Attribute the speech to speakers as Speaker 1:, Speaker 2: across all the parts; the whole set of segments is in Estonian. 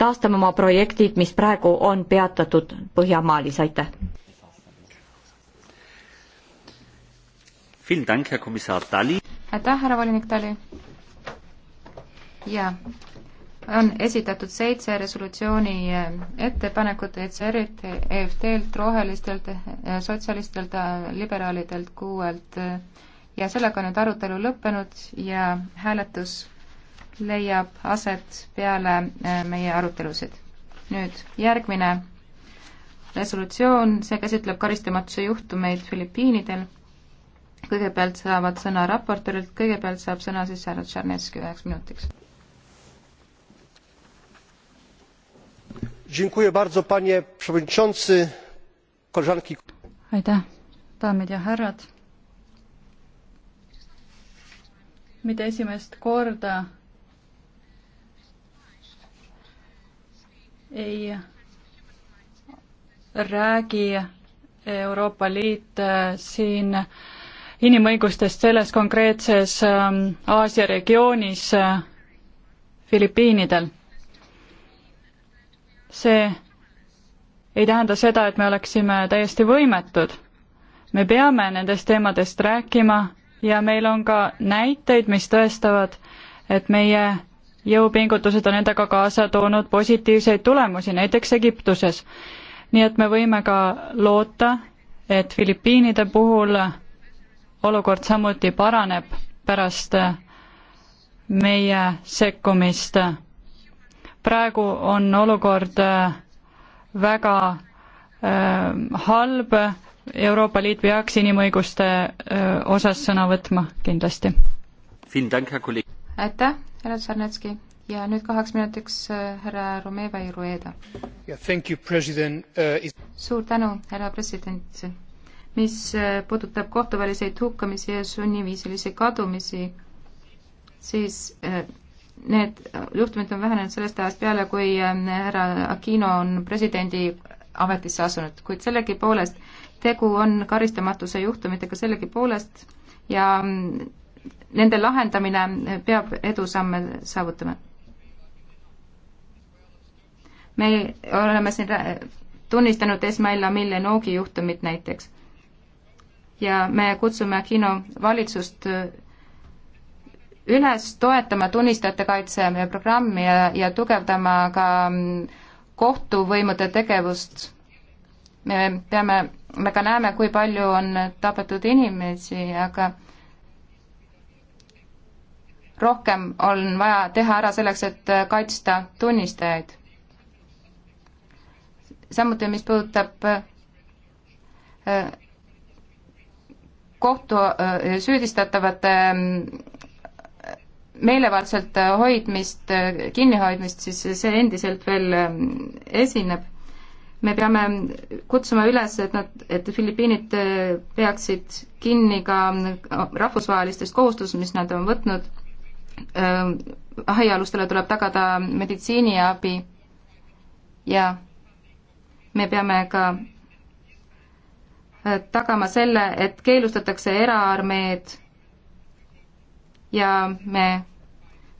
Speaker 1: taastame oma projektid, mis praegu on peatatud Põhjamaalis, aitäh!
Speaker 2: aitäh, härra volinik Tali! jaa, on esitatud seitse resolutsiooni eh, ettepanekut ECR-ilt, EFT-lt, Rohelistelt, eh, Sotsialistelt, eh, Liberaalidelt, QE-lt ja sellega on nüüd arutelu lõppenud ja hääletus leiab aset peale äh, meie arutelusid. nüüd järgmine resolutsioon, see käsitleb karistamatuse juhtumeid Filipiinidel. kõigepealt saavad sõna raportöörilt, kõigepealt saab sõna siis härra Tšarneski üheks minutiks.
Speaker 3: aitäh, daamid ja härrad. mitte esimest korda ei räägi Euroopa Liit äh, siin inimõigustest selles konkreetses ähm, Aasia regioonis äh, Filipiinidel. see ei tähenda seda, et me oleksime täiesti võimetud. me peame nendest teemadest rääkima ja meil on ka näiteid, mis tõestavad, et meie jõupingutused on endaga kaasa toonud positiivseid tulemusi, näiteks Egiptuses. nii et me võime ka loota, et Filipiinide puhul olukord samuti paraneb pärast meie sekkumist. praegu on olukord äh, väga äh, halb, Euroopa Liit peaks inimõiguste äh, osas sõna võtma kindlasti.
Speaker 2: aitäh, härra Tsarnetski ja nüüd kaheks minutiks äh, härra Romeva Irueda
Speaker 3: yeah,. Uh,
Speaker 2: suur tänu, härra president. mis äh, puudutab kohtuväliseid hukkamisi ja sunniviisilisi kadumisi, siis äh, need juhtumid on vähenenud sellest ajast peale, kui ähm, härra Aquino on presidendi ametisse asunud, kuid sellegipoolest tegu on karistamatuse juhtumitega sellegipoolest ja mm, nende lahendamine peab edusamme saavutama. me oleme siin tunnistanud Esmail Amil Enogi juhtumit näiteks. ja me kutsume Kino valitsust üles toetama tunnistajate kaitse programmi ja, ja tugevdama ka mm, kohtuvõimude tegevust. me peame, me ka näeme, kui palju on tapetud inimesi, aga rohkem on vaja teha ära selleks, et kaitsta tunnistajaid. samuti, mis puudutab äh, kohtu äh, süüdistatavate äh, meelevaldselt hoidmist, kinnihoidmist, siis see endiselt veel esineb. me peame kutsuma üles, et nad, et Filipiinid peaksid kinni ka rahvusvahelistest kohustustest, mis nad on võtnud haialustele tuleb tagada meditsiiniabi ja me peame ka tagama selle, et keelustatakse eraarmeed ja me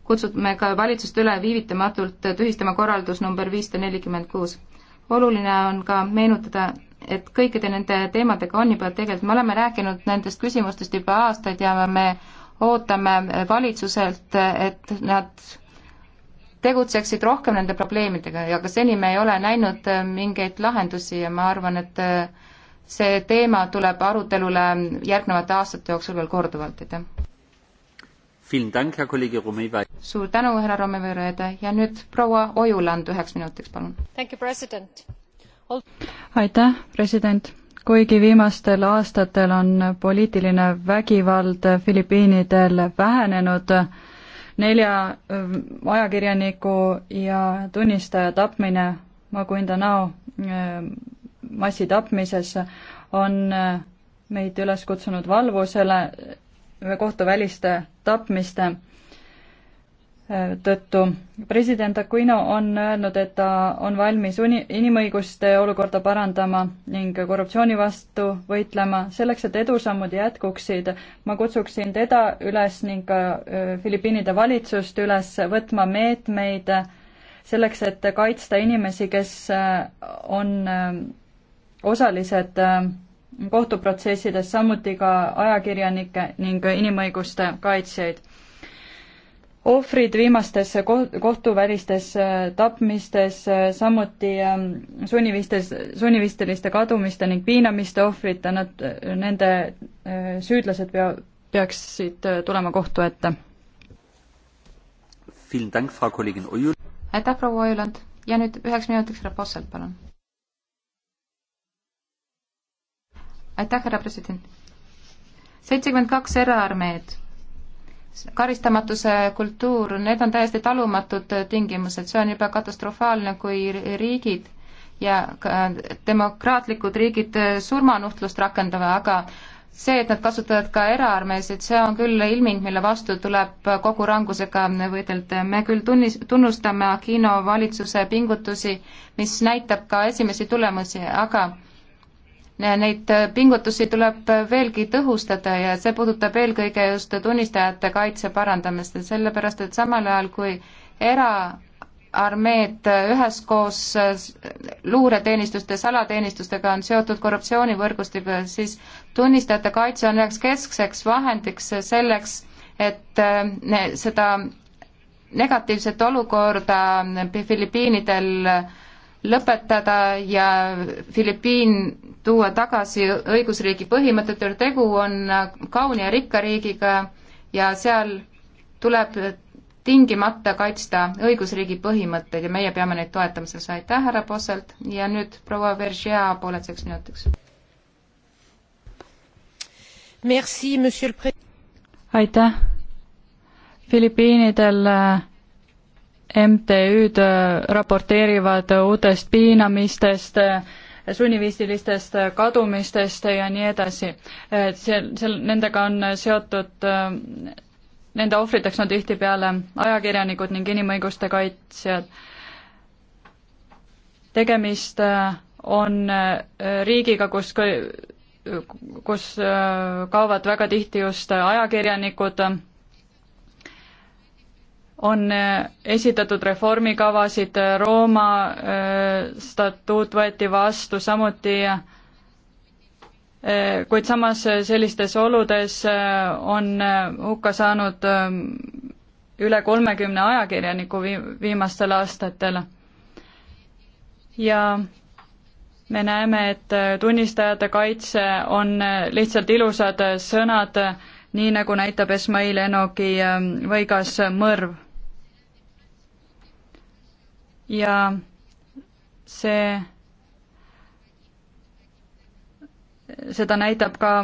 Speaker 2: kutsume ka valitsust üle viivitamatult tühistama korraldus number viissada nelikümmend kuus. oluline on ka meenutada, et kõikide nende teemadega on juba tegelikult, me oleme rääkinud nendest küsimustest juba aastaid ja me ootame valitsuselt, et nad tegutseksid rohkem nende probleemidega ja ka seni me ei ole näinud äh, mingeid lahendusi ja ma arvan, et äh, see teema tuleb arutelule järgnevate aastate jooksul veel korduvalt, aitäh. suur tänu, härra Romeva-Rööde ja nüüd proua Ojuland üheks minutiks, palun.
Speaker 3: aitäh, president kuigi viimastel aastatel on poliitiline vägivald Filipiinidel vähenenud, nelja äh, ajakirjaniku ja tunnistaja tapmine Maguindanao äh, massitapmises on äh, meid üles kutsunud valvusele kohtumäliste tapmiste tõttu. president Aquino on öelnud, et ta on valmis uni-, inimõiguste olukorda parandama ning korruptsiooni vastu võitlema. selleks, et edusammud jätkuksid, ma kutsuksin teda üles ning ka Filipiinide valitsust üles võtma meetmeid selleks, et kaitsta inimesi, kes on osalised kohtuprotsessides, samuti ka ajakirjanikke ning inimõiguste kaitsjaid ohvrid viimastes kohtuvälistes äh, tapmistes, äh, samuti ähm, sunnivistes, sunnivisteliste kadumiste ning piinamiste ohvrid, nad, nende äh, süüdlased pea, peaksid tulema kohtu
Speaker 2: ette. aitäh, proua Ojuland ja nüüd üheks minutiks härra Posselt, palun. aitäh, härra president. seitsekümmend kaks eraarmeed karistamatuse kultuur, need on täiesti talumatud tingimused, see on juba katastrofaalne, kui riigid ja demokraatlikud riigid surmanuhtlust rakendavad, aga see, et nad kasutavad ka eraarmeesid, see on küll ilming, mille vastu tuleb kogu rangusega võidelda. me küll tunnis, tunnustame Aquino valitsuse pingutusi, mis näitab ka esimesi tulemusi, aga neid äh, pingutusi tuleb äh, veelgi tõhustada ja see puudutab eelkõige just tunnistajate kaitse parandamist, sellepärast et samal ajal, kui eraarmeed äh, üheskoos luureteenistuste, salateenistustega on seotud korruptsioonivõrgustiga, siis tunnistajate kaitse on üheks keskseks vahendiks selleks, et ne, seda negatiivset olukorda Filipiinidel äh, lõpetada ja Filipiin tuua tagasi õigusriigi põhimõtete juurde, tegu on kauni ja rikka riigiga ja seal tuleb tingimata kaitsta õigusriigi põhimõtteid ja meie peame neid toetama, selles aitäh, härra Posselt, ja nüüd proua Veržea pooleteiseks minutiks.
Speaker 3: aitäh, Filipiinidel äh, MTÜ-d äh, raporteerivad uutest piinamistest, äh, sunniviisilistest äh, kadumistest ja nii edasi. et seal, seal nendega on seotud, nende ohvriteks on tihtipeale ajakirjanikud ning inimõiguste kaitsjad. tegemist on riigiga, kus, kus kaovad väga tihti just ajakirjanikud, on äh, esitatud reformikavasid, äh, Rooma äh, statuut võeti vastu, samuti kuid samas sellistes oludes on hukka saanud ähm, üle kolmekümne ajakirjaniku vi-, viimastel aastatel. ja me näeme, et tunnistajate kaitse on lihtsalt ilusad sõnad, nii nagu näitab Esmail Enoki ähm, võigas mõrv ja see, seda näitab ka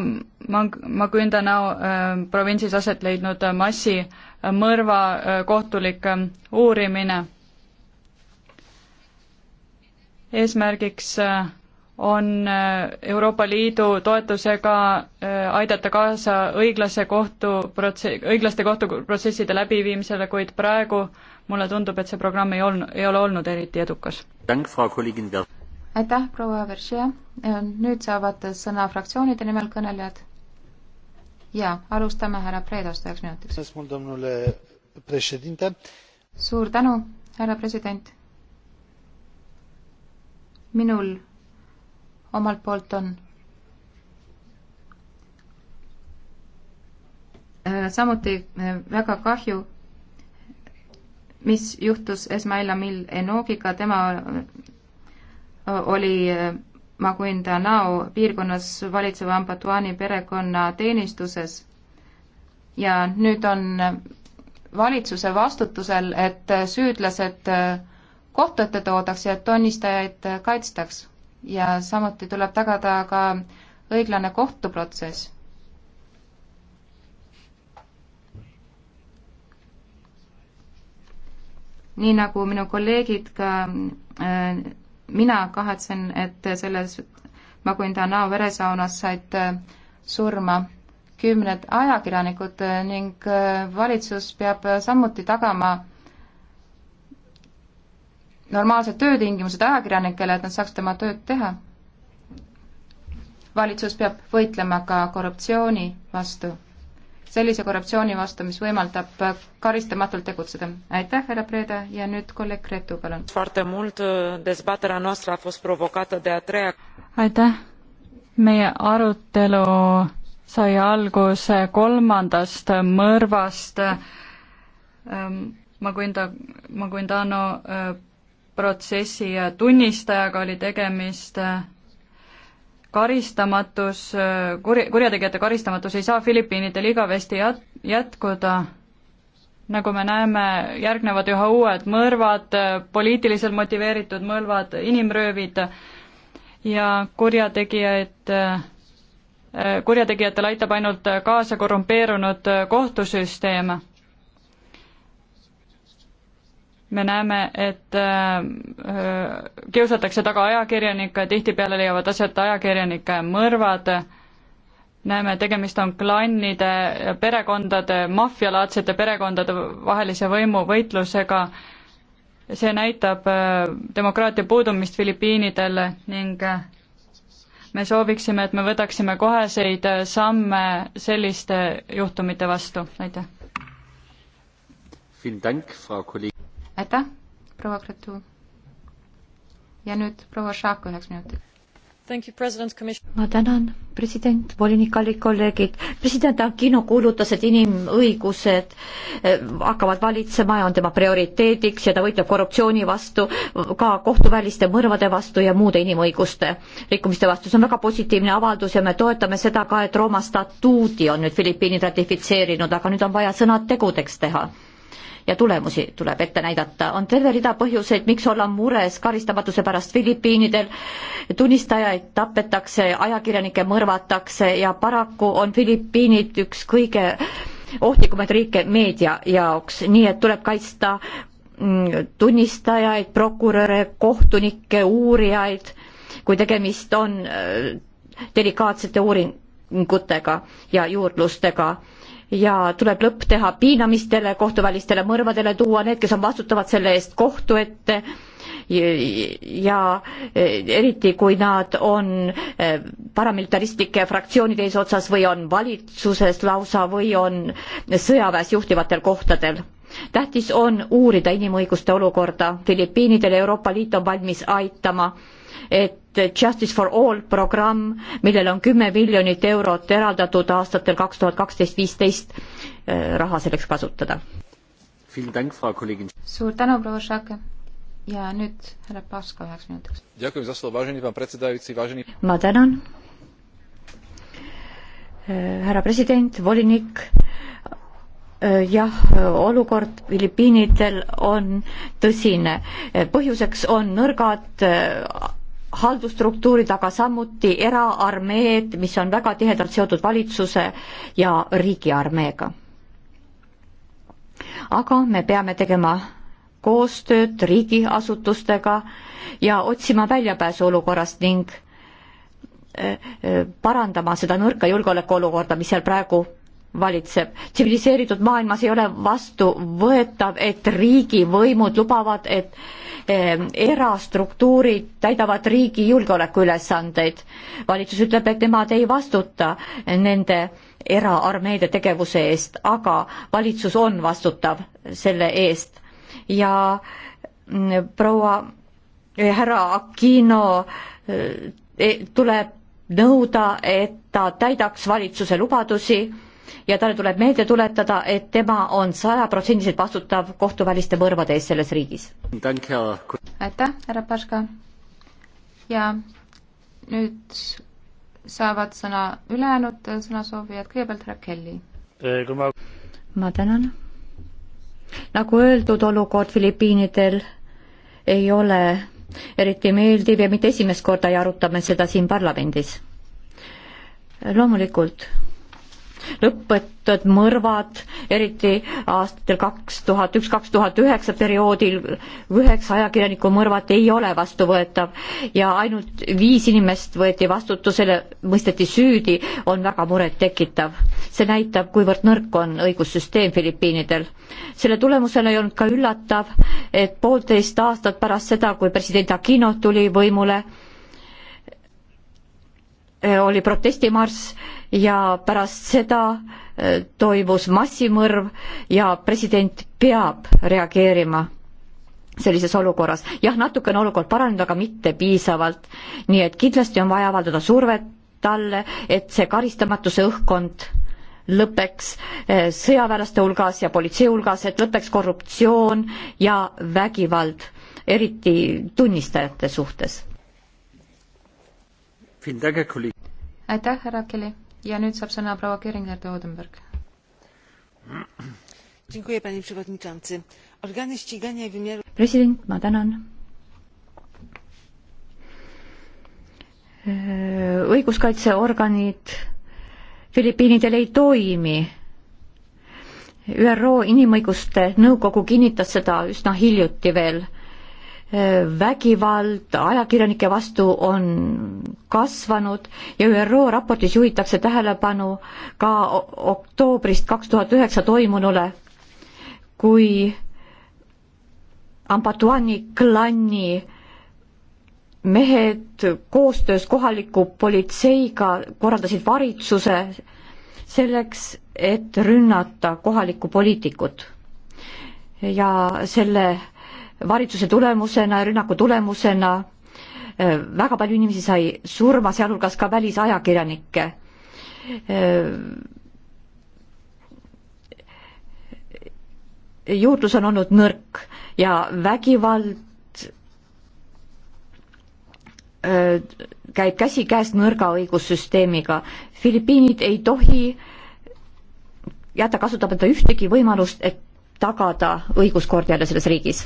Speaker 3: Mag-, Magündano äh, provintsis aset leidnud massimõrva äh, äh, kohtulik äh, uurimine. eesmärgiks äh, on äh, Euroopa Liidu toetusega äh, aidata kaasa õiglase kohtu protse-, õiglaste kohtuprotsesside läbiviimisele, kuid praegu äh, mulle tundub, et see programm ei olnud, ei ole olnud eriti edukas.
Speaker 2: aitäh, proua Veržia. nüüd saavad sõna fraktsioonide nimel kõnelejad. ja alustame härra Predost üheks minutiks. suur tänu, härra president. minul omalt poolt on äh, samuti äh, väga kahju, mis juhtus Esmail Amil Enogiga, tema oli Maguindanao piirkonnas valitseva Ambatuani perekonna teenistuses ja nüüd on valitsuse vastutusel, et süüdlased kohtu ette toodaks ja et tunnistajaid kaitstaks. ja samuti tuleb tagada ka õiglane kohtuprotsess nii nagu minu kolleegid ka äh, mina kahetsen, et selles Maguindanao veresaunas said äh, surma kümned ajakirjanikud äh, ning äh, valitsus peab samuti tagama normaalsed töötingimused ajakirjanikele, et nad saaks tema tööd teha. valitsus peab võitlema ka korruptsiooni vastu sellise korruptsiooni vastu, mis võimaldab karistamatult tegutseda. aitäh, härra Preda ja nüüd kolleeg Gretu, palun. Uh, aitäh, meie
Speaker 3: arutelu sai alguse kolmandast mõrvast ähm, Maguinda, Maguindano äh, protsessi tunnistajaga oli tegemist äh, karistamatus, kurja, kurjategijate karistamatus ei saa Filipiinidel igavesti jät-, jätkuda. nagu me näeme, järgnevad üha uued mõrvad, poliitiliselt motiveeritud mõrvad, inimröövid ja kurjategijaid, kurjategijatel aitab ainult kaasa korrumpeerunud kohtusüsteem me näeme, et äh, äh, kiusatakse taga ajakirjanikke, tihtipeale leiavad aset ajakirjanike mõrvad, näeme, tegemist on klannide, perekondade, maffialaadsete perekondade vahelise võimuvõitlusega, see näitab äh, demokraatia puudumist Filipiinidel ning me sooviksime, et me võtaksime koheseid samme selliste juhtumite vastu, aitäh
Speaker 2: aitäh, proua Gretu. ja nüüd proua Šaak üheks minutiks. You,
Speaker 1: ma tänan, president, volinik, kallid kolleegid. president Aquino kuulutas, et inimõigused eh, hakkavad valitsema ja on tema prioriteediks ja ta võitleb korruptsiooni vastu, ka kohtuväliste mõrvade vastu ja muude inimõiguste rikkumiste vastu. see on väga positiivne avaldus ja me toetame seda ka, et Rooma statuudi on nüüd Filipiinid ratifitseerinud, aga nüüd on vaja sõnad tegudeks teha ja tulemusi tuleb ette näidata. on terve rida põhjuseid, miks olla mures karistamatuse pärast Filipiinidel. tunnistajaid tapetakse, ajakirjanikke mõrvatakse ja paraku on Filipiinid üks kõige ohtlikumaid riike meedia jaoks, nii et tuleb kaitsta mm, tunnistajaid, prokuröre, kohtunikke, uurijaid, kui tegemist on äh, delikaatsete uuringutega ja juurdlustega ja tuleb lõpp teha piinamistele, kohtuvälistele mõrvadele tuua need, kes on vastutavad selle eest kohtu ette ja eriti, kui nad on eh, paramilitaristlike fraktsioonide eesotsas või on valitsuses lausa või on sõjaväes juhtivatel kohtadel tähtis on uurida inimõiguste olukorda Filipiinidel ja Euroopa Liit on valmis aitama et Justice for All programm, millele on kümme miljonit eurot eraldatud aastatel kaks tuhat kaksteist, viisteist, eh, raha selleks kasutada.
Speaker 2: suur tänu, proua Šake. ja nüüd
Speaker 1: härra Paska üheks minutiks. ma tänan. Eh, härra president, volinik eh, jah, olukord Filipiinidel on tõsine. põhjuseks on nõrgad haldusstruktuurid, aga samuti eraarmeed, mis on väga tihedalt seotud valitsuse ja riigiarmeega. aga me peame tegema koostööd riigiasutustega ja otsima väljapääsu olukorrast ning eh, eh, parandama seda nõrka julgeolekuolukorda, mis seal praegu valitseb. tsiviliseeritud maailmas ei ole vastuvõetav, et riigivõimud lubavad, et ehm, erastruktuurid täidavad riigi julgeolekuülesandeid. valitsus ütleb, et nemad ei vastuta nende eraarmeede tegevuse eest, aga valitsus on vastutav selle eest ja mm, proua eh, härra Aquino eh, eh, tuleb nõuda, et ta täidaks valitsuse lubadusi ja talle tuleb meelde tuletada, et tema on sajaprotsendiliselt vastutav kohtuväliste mõrvade eest selles riigis. aitäh,
Speaker 2: härra Paška. ja nüüd saavad sõna ülejäänud sõnasoovijad, kõigepealt härra Kelly.
Speaker 1: ma tänan. nagu öeldud, olukord Filipiinidel ei ole eriti meeldiv ja mitte esimest korda ei aruta me seda siin parlamendis. loomulikult lõpetud mõrvad, eriti aastatel kaks tuhat üks, kaks tuhat üheksa perioodil üheksa ajakirjaniku mõrvat ei ole vastuvõetav ja ainult viis inimest võeti vastutusele, mõisteti süüdi, on väga murettekitav. see näitab, kuivõrd nõrk on õigussüsteem Filipiinidel. selle tulemusena ei olnud ka üllatav, et poolteist aastat pärast seda, kui president Aquino tuli võimule, Äh, oli protestimarss ja pärast seda äh, toimus massimõrv ja president peab reageerima sellises olukorras. jah, natukene olukord paranenud, aga mitte piisavalt. nii et kindlasti on vaja avaldada survet talle, et see karistamatuse õhkkond lõpeks äh, sõjaväelaste hulgas ja politsei hulgas, et lõpeks korruptsioon ja vägivald, eriti tunnistajate suhtes
Speaker 2: aitäh, härra Kelly ja nüüd saab sõna proua Keringer de Odenberg.
Speaker 1: president, ma tänan. õiguskaitseorganid Filipiinidel ei toimi. ÜRO Inimõiguste Nõukogu kinnitas seda üsna hiljuti veel vägivald ajakirjanike vastu on kasvanud ja ÜRO raportis juhitakse tähelepanu ka oktoobrist kaks tuhat üheksa toimunule, kui Ambatuani klanni mehed koostöös kohaliku politseiga korraldasid varitsuse selleks, et rünnata kohalikku poliitikut. ja selle varitsuse tulemusena ja rünnaku tulemusena äh, väga palju inimesi sai surma, sealhulgas ka välisajakirjanikke. Äh, juurdlus on olnud nõrk ja vägivald äh, käib käsikäes nõrga õigussüsteemiga. Filipiinid ei tohi jätta kasutamata ühtegi võimalust, et tagada õiguskord jälle selles riigis.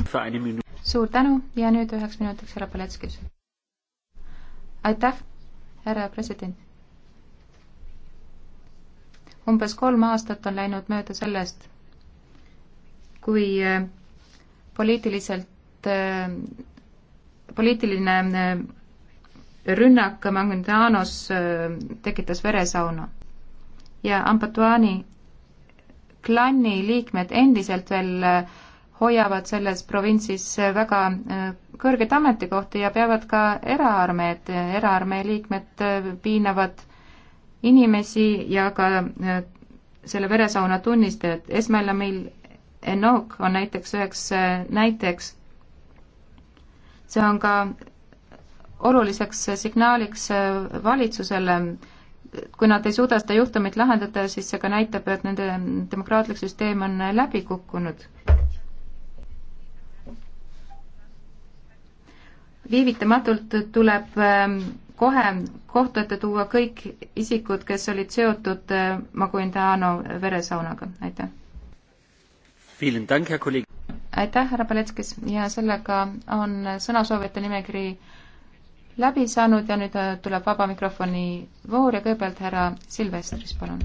Speaker 2: suur tänu ja nüüd üheks minutiks härra Paletskis. aitäh, härra president. umbes kolm aastat on läinud mööda sellest, kui äh, poliitiliselt, äh, poliitiline äh, rünnak Magnetanos tekitas veresauna ja Ambatuani klanni liikmed endiselt veel äh, hoiavad selles provintsis äh, väga äh, kõrgeid ametikohti ja peavad ka eraarmeed, eraarmee liikmed piinavad inimesi ja ka selle veresauna tunnistajad. Esmalamil Enok on näiteks üheks näiteks. see on ka oluliseks signaaliks valitsusele kui nad ei suuda seda juhtumit lahendada, siis see ka näitab, et nende demokraatlik süsteem on läbi kukkunud. viivitamatult tuleb ähm, kohe kohtu ette tuua kõik isikud, kes olid seotud äh, Maguindano veresaunaga, aitäh. aitäh, härra Paletskis ja sellega on sõnasoovijate nimekiri läbi saanud ja nüüd äh, tuleb vaba mikrofoni voor ja kõigepealt härra Silvestris, palun.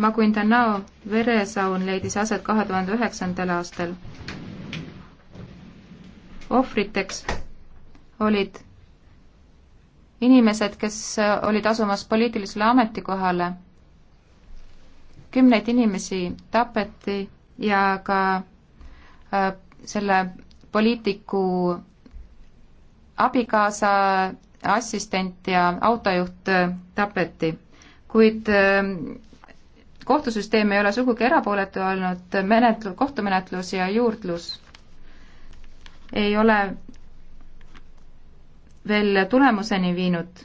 Speaker 2: Maguindanao veresaun leidis aset kahe tuhande üheksandal aastal. ohvriteks olid inimesed, kes äh, olid asumas poliitilisele ametikohale. kümneid inimesi tapeti ja ka Äh, selle poliitiku abikaasa, assistent ja autojuht äh, tapeti, kuid äh, kohtusüsteem ei ole sugugi erapooletu olnud, menetlu-, kohtumenetlus ja juurdlus ei ole veel tulemuseni viinud.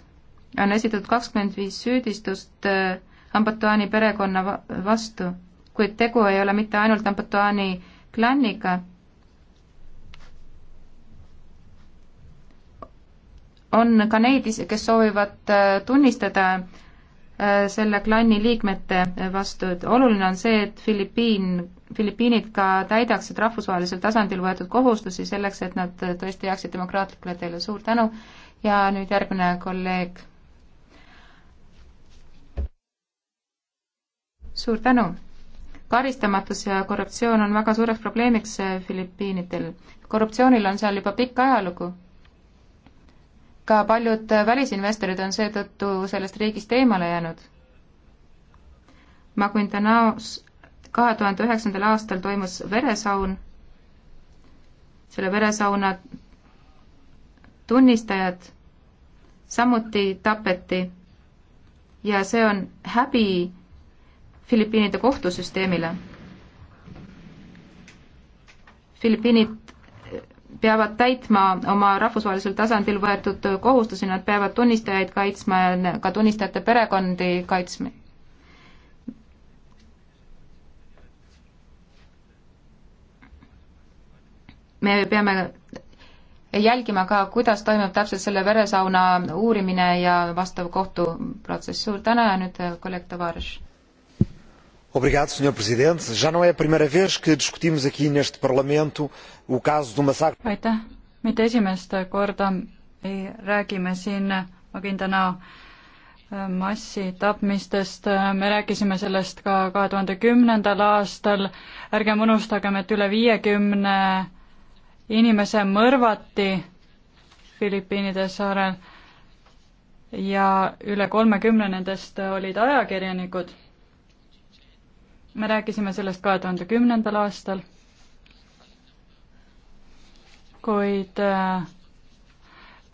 Speaker 2: on esitatud kakskümmend viis süüdistust Ambatuani perekonna vastu, kuid tegu ei ole mitte ainult Ambatuani Klanniga on ka neid, kes soovivad äh, tunnistada äh, selle klanni liikmete äh, vastu, et oluline on see, et Filipiin, Filipiinid ka täidaksid rahvusvahelisel tasandil võetud kohustusi selleks, et nad tõesti jääksid demokraatlikule teele, suur tänu ja nüüd järgmine kolleeg. suur tänu karistamatus ja korruptsioon on väga suureks probleemiks eh, Filipiinidel. korruptsioonil on seal juba pikk ajalugu. ka paljud eh, välisinvestorid on seetõttu sellest riigist eemale jäänud. Maguindanaos kahe tuhande üheksandal aastal toimus veresaun, selle veresauna tunnistajad samuti tapeti ja see on häbi Filipiinide kohtusüsteemile. Filipiinid peavad täitma oma rahvusvahelisel tasandil võetud kohustusi, nad peavad tunnistajaid kaitsma ja ka tunnistajate perekondi kaitsma. me peame jälgima ka, kuidas toimub täpselt selle veresauna uurimine ja vastav kohtuprotsess. suur tänu ja nüüd äh, kolleeg Tavares
Speaker 1: senhor presidente já não é a primeira vez que discutimos aqui neste parlamento o caso do massacre
Speaker 2: aitäh mitte esimest
Speaker 3: korda ei räägime siin Maguindanao äh, massitapmistest, äh, me rääkisime sellest ka kahe tuhande kümnendal aastal, ärgem unustagem, et üle viiekümne inimese mõrvati Filipiinide saarel ja üle kolmekümne nendest olid ajakirjanikud me rääkisime sellest kahe tuhande kümnendal aastal, kuid äh,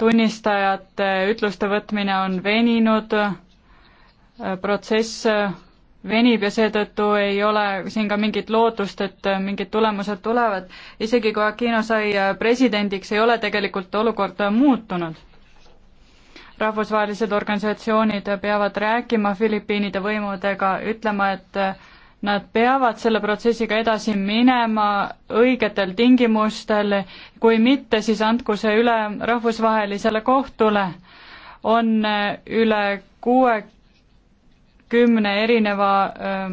Speaker 3: tunnistajate ütluste võtmine on veninud, äh, protsess äh, venib ja seetõttu ei ole siin ka mingit lootust, et mingid tulemused tulevad. isegi kui Aquino sai presidendiks, ei ole tegelikult olukord muutunud. rahvusvahelised organisatsioonid peavad rääkima Filipiinide võimudega, ütlema, et Nad peavad selle protsessiga edasi minema õigetel tingimustel, kui mitte, siis andku see üle rahvusvahelisele kohtule. on eh, üle kuuekümne erineva eh,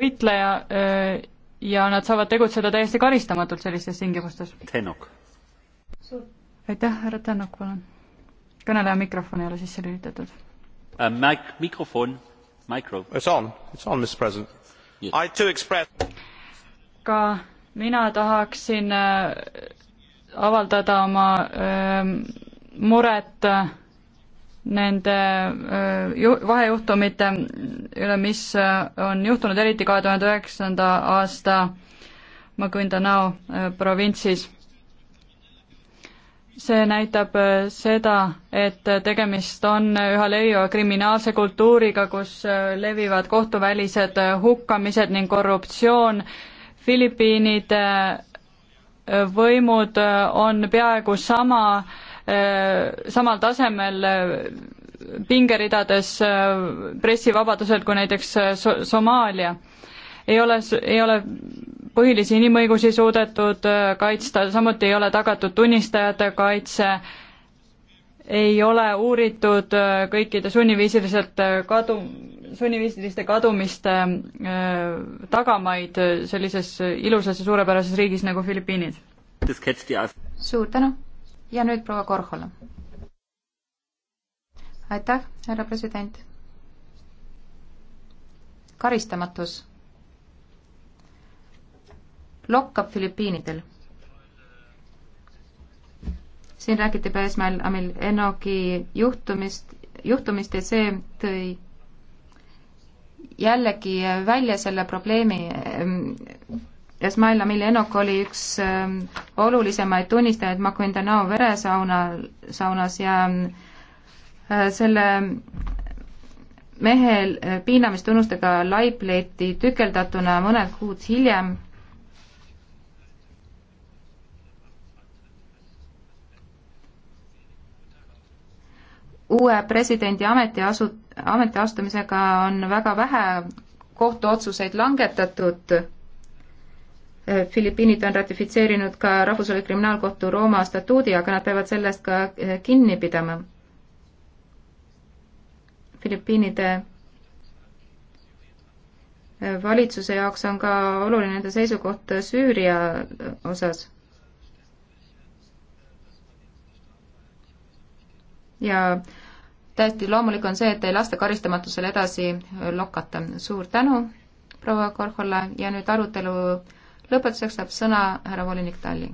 Speaker 3: võitleja eh, ja nad saavad tegutseda täiesti karistamatult sellistes tingimustes. Tenok. aitäh, härra Tenok, palun. kõneleja mikrofon ei ole sisse lülitatud.
Speaker 2: Äh, mikrofon
Speaker 3: ka mina tahaksin äh, avaldada oma ähm, muret äh, nende äh, vahejuhtumite üle, mis on juhtunud eriti kahe tuhande üheksanda aasta Maguindanao provintsis see näitab äh, seda, et äh, tegemist on üha leviva kriminaalse kultuuriga, kus äh, levivad kohtuvälised hukkamised ning korruptsioon. Filipiinide võimud on peaaegu sama, samal tasemel pingeridades pressivabaduselt kui näiteks Somaalia. ei ole, ei ole põhilisi inimõigusi suudetud äh, kaitsta, samuti ei ole tagatud tunnistajate kaitse, ei ole uuritud äh, kõikide sunniviisiliselt äh, kadu, sunniviisiliste kadumiste tagamaid sellises ilusas ja suurepärases riigis nagu Filipiinid.
Speaker 2: suur tänu ja nüüd proua Korhola. aitäh, härra president. karistamatus lokkab Filipiinidel. siin räägiti Pääsmäel Amil Enoki juhtumist, juhtumist ja see tõi jällegi välja selle probleemi. Esmail ehm, Amil Enok oli üks ehm, olulisemaid tunnistajaid Maguindanao veresauna, saunas ja ehm, selle mehe piinamistunnustega laip leiti tükeldatuna mõned kuud hiljem uue presidendi ametiasu, ametiastumisega on väga vähe kohtuotsuseid langetatud. Filipiinid on ratifitseerinud ka Rahvusvahelise Kriminaalkohtu Rooma statuudi, aga nad peavad sellest ka eh, kinni pidama. Filipiinide eh, valitsuse jaoks on ka oluline nende seisukoht Süüria osas ja täiesti loomulik on see, et ei lasta karistamatusele edasi lokata. suur tänu, proua Korhola, ja nüüd arutelu lõpetuseks saab sõna härra volinik Talli.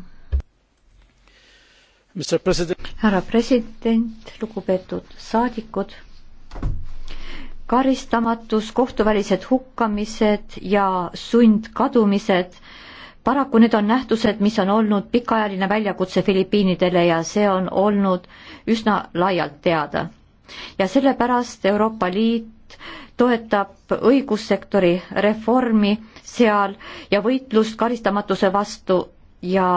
Speaker 1: härra president, lugupeetud saadikud, karistamatus, kohtuvälised hukkamised ja sundkadumised paraku need on nähtused, mis on olnud pikaajaline väljakutse Filipiinidele ja see on olnud üsna laialt teada. ja sellepärast Euroopa Liit toetab õigussektori reformi seal ja võitlust karistamatuse vastu ja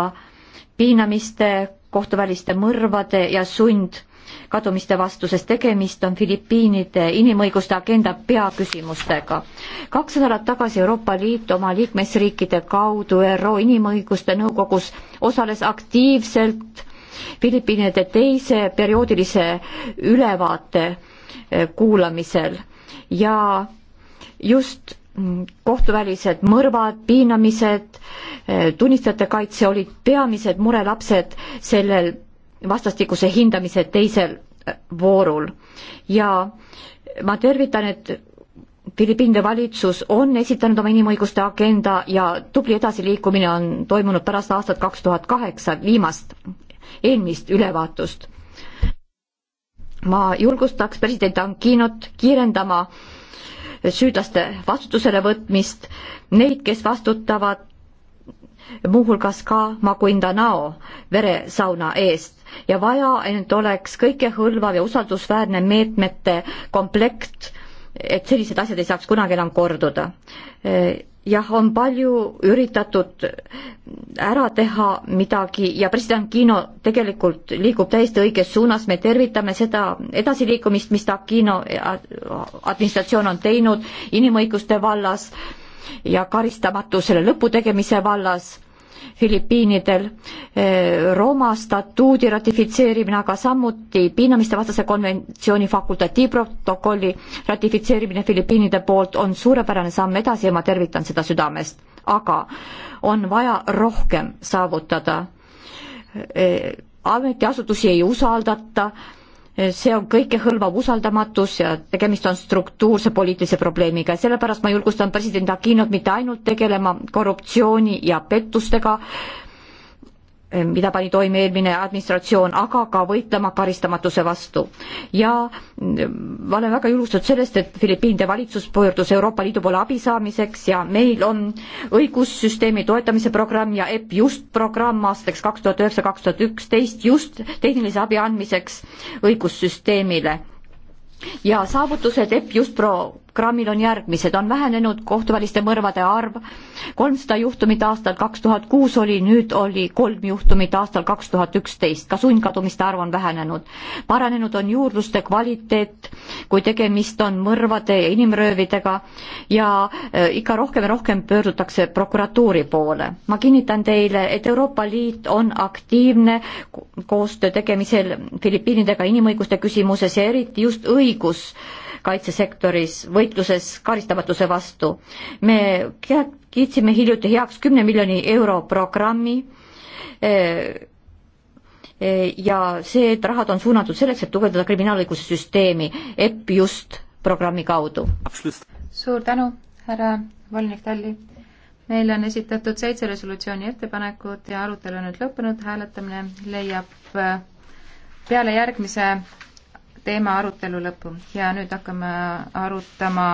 Speaker 1: piinamiste, kohtuväliste mõrvade ja sund kadumiste vastu, sest tegemist on Filipiinide inimõiguste agenda peaküsimustega. kaks nädalat tagasi Euroopa Liit oma liikmesriikide kaudu ÜRO Inimõiguste Nõukogus osales aktiivselt Filipiinide teise perioodilise ülevaate eh, kuulamisel ja just mm, kohtuvälised mõrvad, piinamised, eh, tunnistajate kaitse olid peamised murelapsed sellel vastastikuse hindamise teisel äh, voorul ja ma tervitan, et Filipiinide valitsus on esitanud oma inimõiguste agenda ja tubli edasiliikumine on toimunud pärast aastat kaks tuhat kaheksa viimast eelmist ülevaatust. ma julgustaks president Ankinot kiirendama süüdlaste vastutusele võtmist, neid, kes vastutavad muuhulgas ka Maguindanao veresauna eest ja vaja ainult oleks kõikehõlvav ja usaldusväärne meetmete komplekt, et sellised asjad ei saaks kunagi enam korduda. jah, on palju üritatud ära teha midagi ja president Kino tegelikult liigub täiesti õiges suunas, me tervitame seda edasiliikumist, mis ta Kino administratsioon on teinud inimõiguste vallas ja karistamatusele lõpu tegemise vallas Filipiinidel. Eh, Rooma statuudi ratifitseerimine, aga samuti piinamiste vastase konventsiooni fakultatiivprotokolli ratifitseerimine Filipiinide poolt on suurepärane samm edasi ja ma tervitan seda südamest. aga on vaja rohkem saavutada. Eh, ametiasutusi ei usaldata see on kõikehõlmav usaldamatus ja tegemist on struktuurse poliitilise probleemiga ja sellepärast ma julgustan president Akinot mitte ainult tegelema korruptsiooni ja pettustega, mida pani toime eelmine administratsioon, aga ka võitlema karistamatuse vastu. ja mm, ma olen väga julgustatud sellest, et Filipiinide valitsus pöördus Euroopa Liidu poole abi saamiseks ja meil on õigussüsteemi toetamise programm ja EPP just programm aastaks kaks tuhat üheksa, kaks tuhat üksteist just tehnilise abi andmiseks õigussüsteemile ja saavutused EPP just pro grammil on järgmised, on vähenenud kohtuväliste mõrvade arv, kolmsada juhtumit aastal kaks tuhat kuus oli, nüüd oli kolm juhtumit aastal kaks tuhat üksteist, ka sundkadumiste arv on vähenenud. paranenud on juurdluste kvaliteet, kui tegemist on mõrvade ja inimröövidega ja äh, ikka rohkem ja rohkem pöördutakse prokuratuuri poole. ma kinnitan teile, et Euroopa Liit on aktiivne koostöö tegemisel Filipiinidega inimõiguste küsimuses ja eriti just õigus äh, kaitsesektoris võitluses karistamatuse vastu. me kiitsime hiljuti heaks kümne miljoni euro programmi eh, eh, ja see, et rahad on suunatud selleks, et tugevdada kriminaalõiguse süsteemi, EPP just programmi kaudu.
Speaker 2: suur tänu, härra Volnik Talli. meile on esitatud seitse resolutsiooni ettepanekut ja arutelu on nüüd lõppenud, hääletamine leiab eh, peale järgmise teema arutelu lõppu ja nüüd hakkame arutama